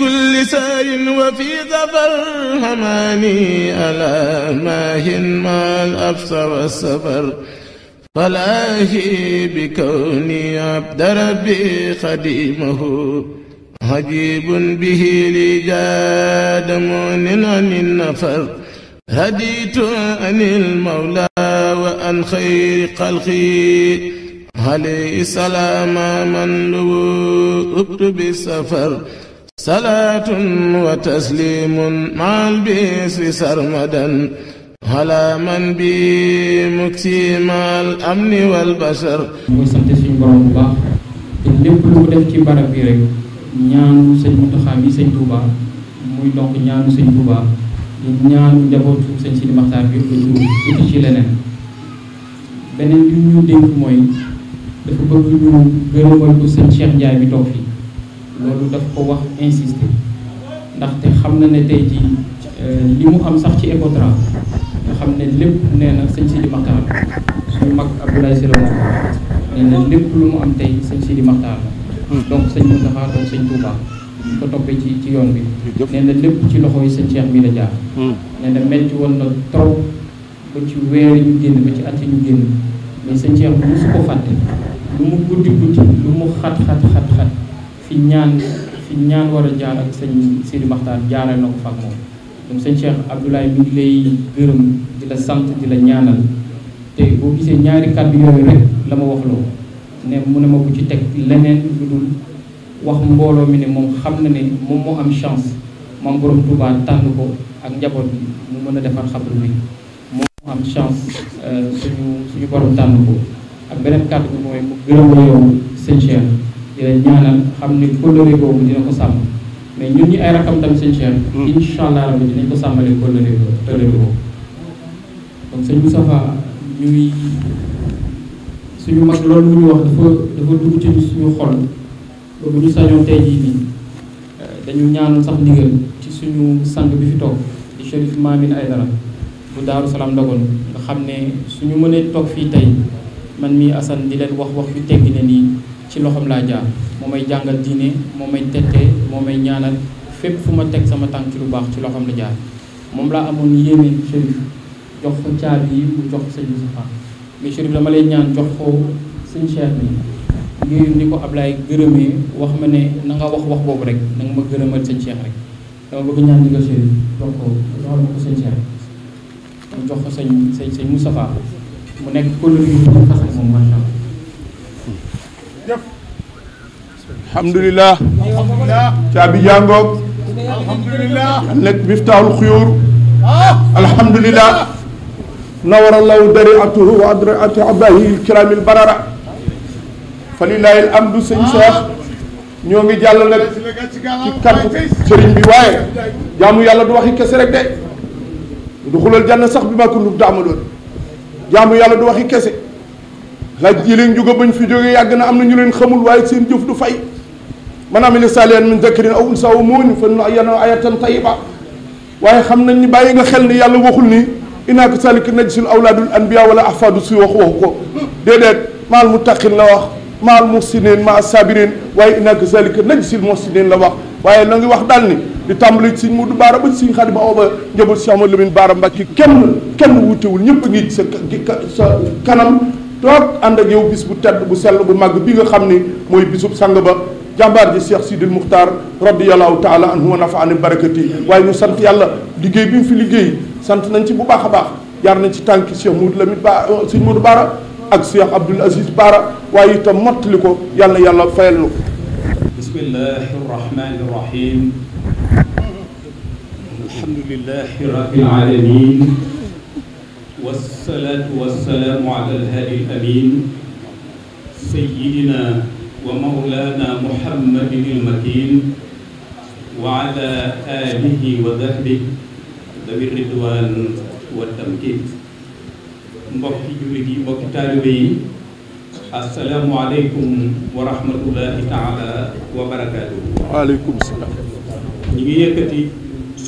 kulli sayrin wa fi safar xamaani ala maahin maal absa wa safar falaahi bi kawni abda rabbi xadimahu ajibun bihi li jaada moonin anin nafar haditu anil mawla wa an xayri xalqi alayhi salaama man luwu ubtu bi safar salaatun wa tasliimun maal biis wi sarmadan ala man bi muksimal amni wal bashar ñu ngi sant suñu borom bu baax te lépp lu mu def ci barab bi rek ñaanu sëñ Mountakha mi sëñ Touba muy donc ñaanu sëñ Touba di ñaanu njabootu sëñ Sidi bi du uti ci leneen mooy ko sëñ Cheikh Ndiaye bi toog fii loolu daf ko wax insister ndaxte xam na ne tey jii euh, li mu am sax ci Ecotra xam ne lépp nee na sëñ Sidi mag Abdoulaye Sylla nee na lépp lu mu am tey sëñ Sidi la hmm. donc sëñ Moustapha donc sëñ Touba ñu ko toppee ci yoon bi nee na lépp ci loxo yi sëñ Cheikh bi la jaar nee metti woon na trop ba ci weer ñu génn ba ci at yi ñu génn mais sëñ Cheikh bu su ko fàtte lu mu guddi guddi lu mu xat xat xat xat fi ñaan fi ñaan war a jaar ak sëñ Sidi maxtaan jaarale na ko fa ak moom donc sëñ Cheikh Abdoulaye mi ngi lay gërëm di la sant di la ñaanal te boo gisee ñaari kàddu yooyu rek la ma wax loo ne mu ne ma bu ci teg leneen lu dul wax mbooloo mi ne moom xam na ne moom moo am chance moom borom Touba tànn ko ak njaboot bi mu mën a defal xabru bi moom moo am chance euh, suñu suñu borom tànn ko ak beneen kàddu bi mooy mu gërëm la yow sëñ di la ñaanal xam ne kóllëre boobu dina ko sàmm mais ñun ñi ay rakam tam seen cher. Hmm. incha allah rabbi dinañ ko sàmmale kóllëre kóllëre boobu. donc sëñ Moustapha ñuy loolu lu ñu wax dafa dugg ci suñu xol ba bu ñu sañoon tey jii nii euh, dañu ñaanal sax ndigal ci suñu sang bi fi toog di Chérif ay Aydara bu Daaru Salaam dogoon nga xam ne suñu mënee toog fii tey man mii Assane di leen wax wax yu teggi ne nii. ci loxoom laa jaar moo may jàngal diine moom may tette moom may ñaanal fépp fu ma teg sama tànk ci lu baax ci loxoom la jaar moom laa amoon yéene Chérif jox ko caabi yi mu jox ko sëñ Moustapha mais Chérif dama lay ñaan jox ko sëñ Cheikh bi ngir ni ko Ablaye gërëmee wax ma ne na wax wax boobu rek na ma gërëmal sëñ Cheikh rek dama bëgg ñaan ndigal Chérif jox ko joxal ma ko sëñ mu jox ko sëñ sëñ sëñ Moustapha mu nekk kóllëre yu fas moom macha allah alhamdulilah caabi jàngoog alhamdulilah nekk miftaaxul xuyuur alhamdulilah nawara law dariatuhu wa adraati abahi ilkiraamil barara fa lilahi alhamdu sëñ Seex ñoo ngi jàll nag ci kàddu sëriñ bi waaye jaamu yàlla du waxi kese rek de du xulal jànn sax bi ma kuntum taamaloon jaamu yàlla du waxi kese laaj ji leen bañ fi jógee yàgg na am na ñu leen xamul waaye seen jëf du fay man amila saalihan min zakarin aw unsaa wa mu'minun falyu'min ayatan tayyiba waaye xam nañ ni bàyyi nga xel ni yàlla waxul ni na kazaalika najzil awlaadul anbiyaa wala ahfaadu si wax waxu ko déedéet maal muttaqin la wax maa muhsinin maa sabirin waaye innaa kazaalika najzil muhsinin la wax waaye la ngi wax daal ni di tàmbali sëñ Modou Baara ba sëñ Xaadim Awa ba njaboot Cheikh Amadou Lamine Baara Mbàkke kenn kenn wutewul ñëpp a ngi sa sa kanam toog ànd ak yow bis bu tedd bu sell bu màgg bi nga xam ni mooy bisub sang ba jàmbaar ji Cheikh Sidil Muxtaar radiyallahu taala anhu wa nafaani barakati waaye ñu sant yàlla liggéey bi mu fi liggéey sant nañ ci bu baax a baax jaar nañ ci tànki Cheikh Moudou Lamine Ba euh, Sëñ Moudou Baara ak Cheikh Abdoul Aziz Baara waaye itam mottali ko yàlla yàlla fayal nu ko bismillahi rahmani rahim alhamdulillahi rabbil alamin والصلاة والسلام على الهادي الأمين سيدنا ومولانا محمد المكين وعلى آله وذهبه ذوي الرضوان والتمكين mbokki jullit yi mbokki taalibe yi asalaamu aleykum wa rahmatullahi taala wa barakaatuhu waaleykum salaam ñu ngi yëkkati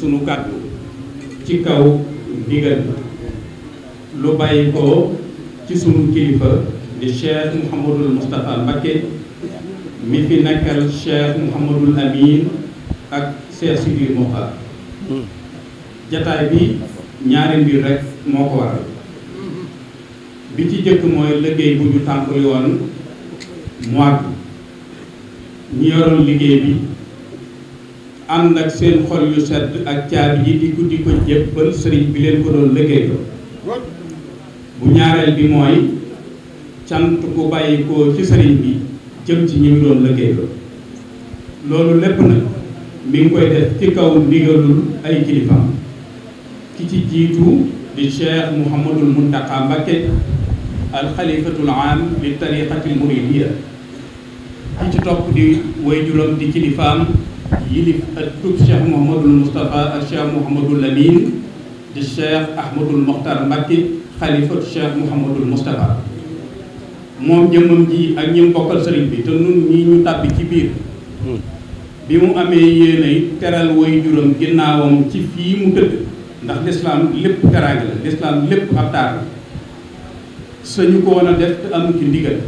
sunu kàddu ci kaw ndigal lu bàyyi ko ci sunu kilifa di cheikh Mouhamadul Moustapha Mbacké mi fi nekkal cheikh Mouhamadul Amin ak cheikh Sidi Mokhtar jataay bi ñaari mbir rek moo ko waral bi ci jëkk mooy liggéey bu ñu tàmbali woon mois bi ñu yoroon liggéey bi ànd ak seen xol yu sedd ak caabi yi di guddi ko jébbal sëriñ bi leen ko doon liggéey ko bu ñaareel bi mooy cant bu bàyyi ko ci sëriñ bi jëm ci ñi mu doon liggéey loolu lépp nag mi koy def ci kaw ndigalul ay kilifaam ki ci jiitu di cheikh mouhamadul muntaqa mbakke alxalifatul am li tariqatil muridiyya ki ci topp di way juróom di kilifaam yilif ak tub cheikh mouhamadul moustapha ak cheikh mouhamadul di cheikh ahmadul moxtar mbakke xalifatu Cheikh Mouhamadul Moustapha moom jëmmam ji ak ñi bokkal sëriñ bi te nun ñi ñu tàbbi ci biir hmm. bi mu amee yéenay teral way juróom ginnaawam ci fii mu tëdd ndax lislaam lépp teraanga la lislaam lépp ab taar la sañu ko woon a def te am ci ndigal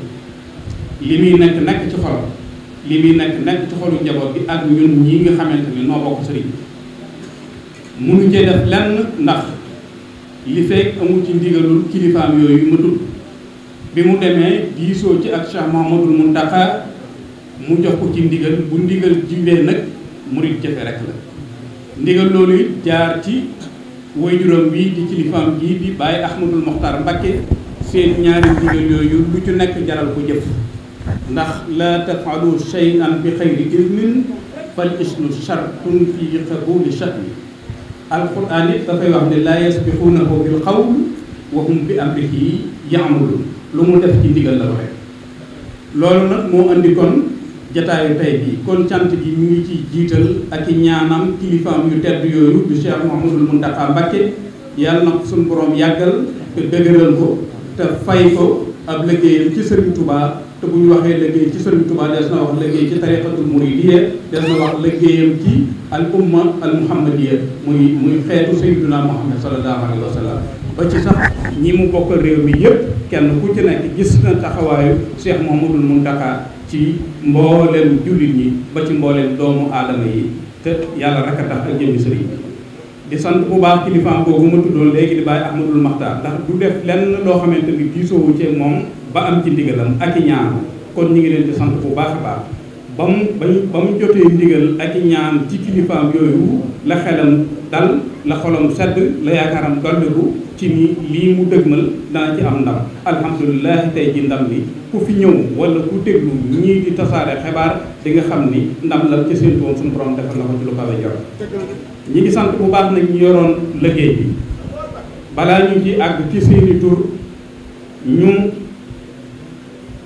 li muy nekk nekk ci xolam li muy nekk nekk ci xolu njaboot bi ak ñun ñii nga xamante ni noo bokk sëriñ bi munu cee def lenn ndax li fekk amul ci ndigalul kilifaam yooyu ma tudd bi mu demee diisoo ci ak Cheikh mu Mountakha mu jox ko ci ndigal bu ndigal jiwee nag murit jëfe rek la ndigal loolu jaar ci waajuram wi di kilifaam gii bi bàyyi Ahmadul Mokhtar Mbacké seen ñaari ndigal yooyu lu ci nekk jaral ko jëf ndax la tafalu shay'an bi xayri iznin fal isnu shartun fi qabuli sha'ni alquran it dafay wax ne laa yasbiquunahu bil qawl wa hum bi amrihi yaamaluun lu mu def ci ndigal la waxee loolu nag moo andi kon jataayu tay bi kon cant gi mu ngi ci jiital ak i ñaanam kilifaam yu tedd yooyu du Cheikh Mouhamadul Mountakha Mbacké yàlla na ko suñu borom yàggal te dëgëral ko te fay ko ab liggéeyam ci Serigne Touba te bu ñu waxee liggéey ci Sëriñ Tuubaa des na wax liggéey ci tariqatul muridiyya des na wax liggéeyam ci al umma al muhammadiyya muy muy xeetu sayyiduna Muhammad sallallahu alayhi wa sallam ba ci sax ñi mu bokk réew mi yëpp kenn ku ci nekk gis na taxawaayu Cheikh Mouhamadoul Mountakha ci mboolem jullit ñi ba ci mboolem doomu aadama yi te yàlla rek a tax ak jëmmi sëriñ di sant bu baax kilifaam boobu ma tuddoon léegi di bàyyi Ahmadul Maxtaar ndax du def loo xamante ni diisoowu moom ba am ci ndigalam ak i ñaan kon ñu ngi leen di sant bu baax a baax ba mu ba mu jotee ndigal ak i ñaan ci kilifaam yooyu la xelam dal la xolam sedd la yaakaaram dolliku ci ni lii mu dëgmal dana ci am ndam alhamdulilah tey ji ndam li ku fi ñëw wala ku déglu ñii di tasaare xibaar di nga xam ni ndam la ci seen boom suñu borom defal na ko ci lu kawe jor ñi ngi sant bu baax nag ñu yoroon liggéey bi balaa ñu ci àgg ci seeni tur ñu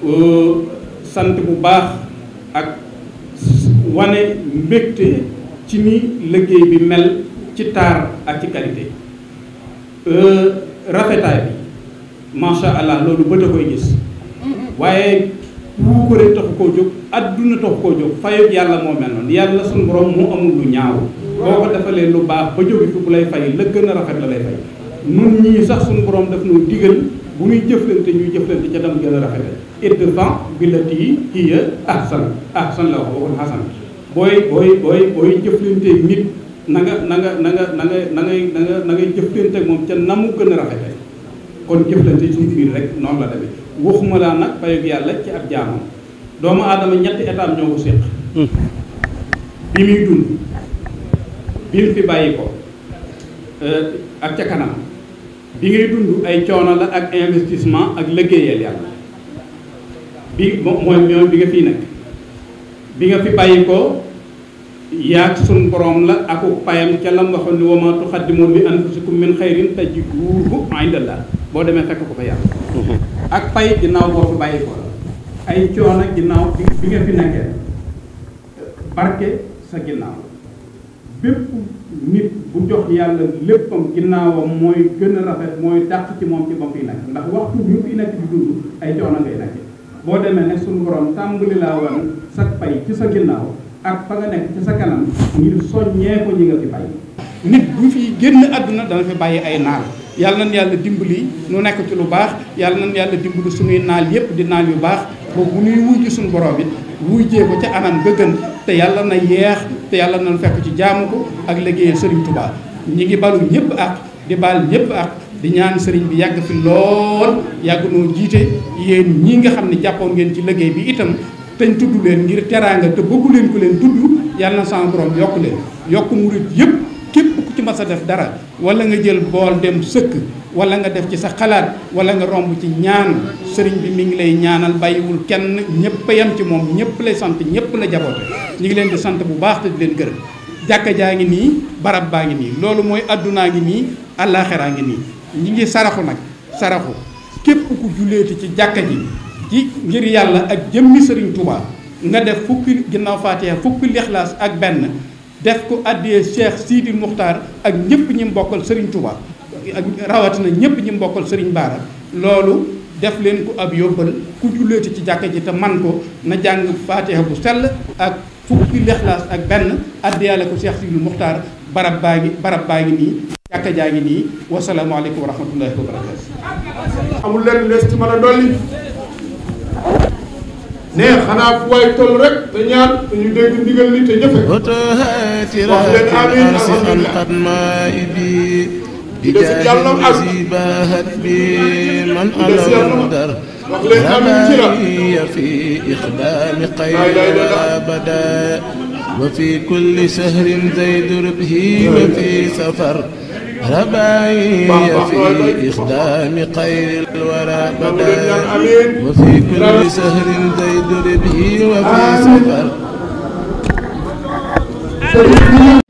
Euh, sant bu baax ak wane mbégte ci ni liggéey bi mel ci taar ak ci qualité euh, rafetaay bi macha allah loolu bët a koy gis waaye bu ko rek taxu koo jóg adduna taxu koo jóg fayoog yàlla moo mel noonu yàlla suñu borom mu amul lu ñaaw boo ko defalee lu baax ba jóge fi bu lay fay la gën a rafet la lay fay nun ñii sax suñu borom daf nu digal bu ñuy jëflante ñuy jëflante ca dem gën a rafetal idfa' billatii hiya ahsan ahsan la wax waxul hasan booy booy booy booy jëflante nit na nga na nga na nga na nga na moom ca na mu gën a rafetee kon jëflante ci biir rek noonu la demee waxuma laa nag fayog yàlla ci ak jaamam doomu aadama ñetti étape ñoo ko hmm. bi muy dund bi mu fi bàyyi ko euh, ak ca kanam bi ngay dund ay coono la ak investissement ak liggéeyal yàlla bi mooy mooy bi nga fi nag bi nga fi bàyyi ko yaag sun borom la aku payam ca lam waxoon ni wa ma tuqaddimu li anfusikum min xayrin tajiduhu indallah boo demee fekk ko fa yàlla mm-hmm. ak pay ginnaaw boo fi bàyyi ko ay coono ginnaaw bi nga fi nekkee sa ginnaaw bépp nit bu jox yàlla léppam mooy mooy dàq ci moom ci ba fiy nekk ndax waxtu ñu fi nekk di dund ay coono ngay nekkee boo demee ne suñu borom tàmbali laa sa pay ci sa ginnaaw ak fa nga nekk ci sa kanam ngir soññee ko ñi nga fi bàyyi nit bu fi génn àdduna dana fi bàyyi ay naal yàlla nañ yàlla dimbali nu nekk ci lu baax yàlla nañ yàlla dimbali suñuy naal yépp di naal yu baax boobu bu ñuy wuy suñu borom it wujjee ko ca anam gën te yàlla na yeex te yàlla na fekk ci jaamu ko ak liggéeyal Sëriñ Tuubaa ñi ngi balu ñëpp ak di baal ñëpp ak di ñaan sëriñ bi yàgg fi lool yàgg noo jiite yéen ñii nga xam ne jàppoon ngeen ci liggéey bi itam teñ tudd leen ngir teraanga te bëggu leen ku leen tudd yàlla na sama borom yokk leen yokk murit yëpp képp ku ci mas a def dara wala nga jël bool dem sëkk wala nga def ci sa xalaat wala nga romb ci ñaan sëriñ bi mi ngi lay ñaanal bàyyiwul kenn ñëpp a ci moom ñëpp lay sant ñëpp la jaboote ñu ngi leen di sant bu baax te di leen gërëm jàkka jaa ngi nii barab baa ngi nii loolu mooy addunaa ngi nii àllaaxiraa ngi nii ñi ngi saraxu nag saraxu képp ku julleeti ci jàkka ji ci ngir yàlla ak jëmmi sëriñ Touba nga def fukki ginnaaw faatiha fukki lixlaas ak benn def ko addiyee Cheikh Sidi Muxtaar ak ñëpp ñi mbokkal sëriñ Touba ak rawatina ñëpp ñi mbokkal sëriñ Baara loolu def leen ko ab yóbbal ku julleeti ci jàkka ji te man ko na jàng faatiha bu sell ak fukki lixlaas ak benn addiyale ko Cheikh Sidi Muxtaar barab baa ngi barab ngi nii jàkka jaa ngi nii wasalaamaaleykum wa rahmatullahi wa barakaatu. amul lenn lees ci mën dolli ne xanaa fu waay toll rek te ñaan te ñu dégg ndigal li te jëfe wax leen amiin alhamdulilah بجاه الذي بي من على المدر رباعي في إخدام قيد أبدا وفي كل سهر زيد ربه وفي سفر رباعي في إخدام خير الورى بدايا وفي كل سهر زيد ربه وفي سفر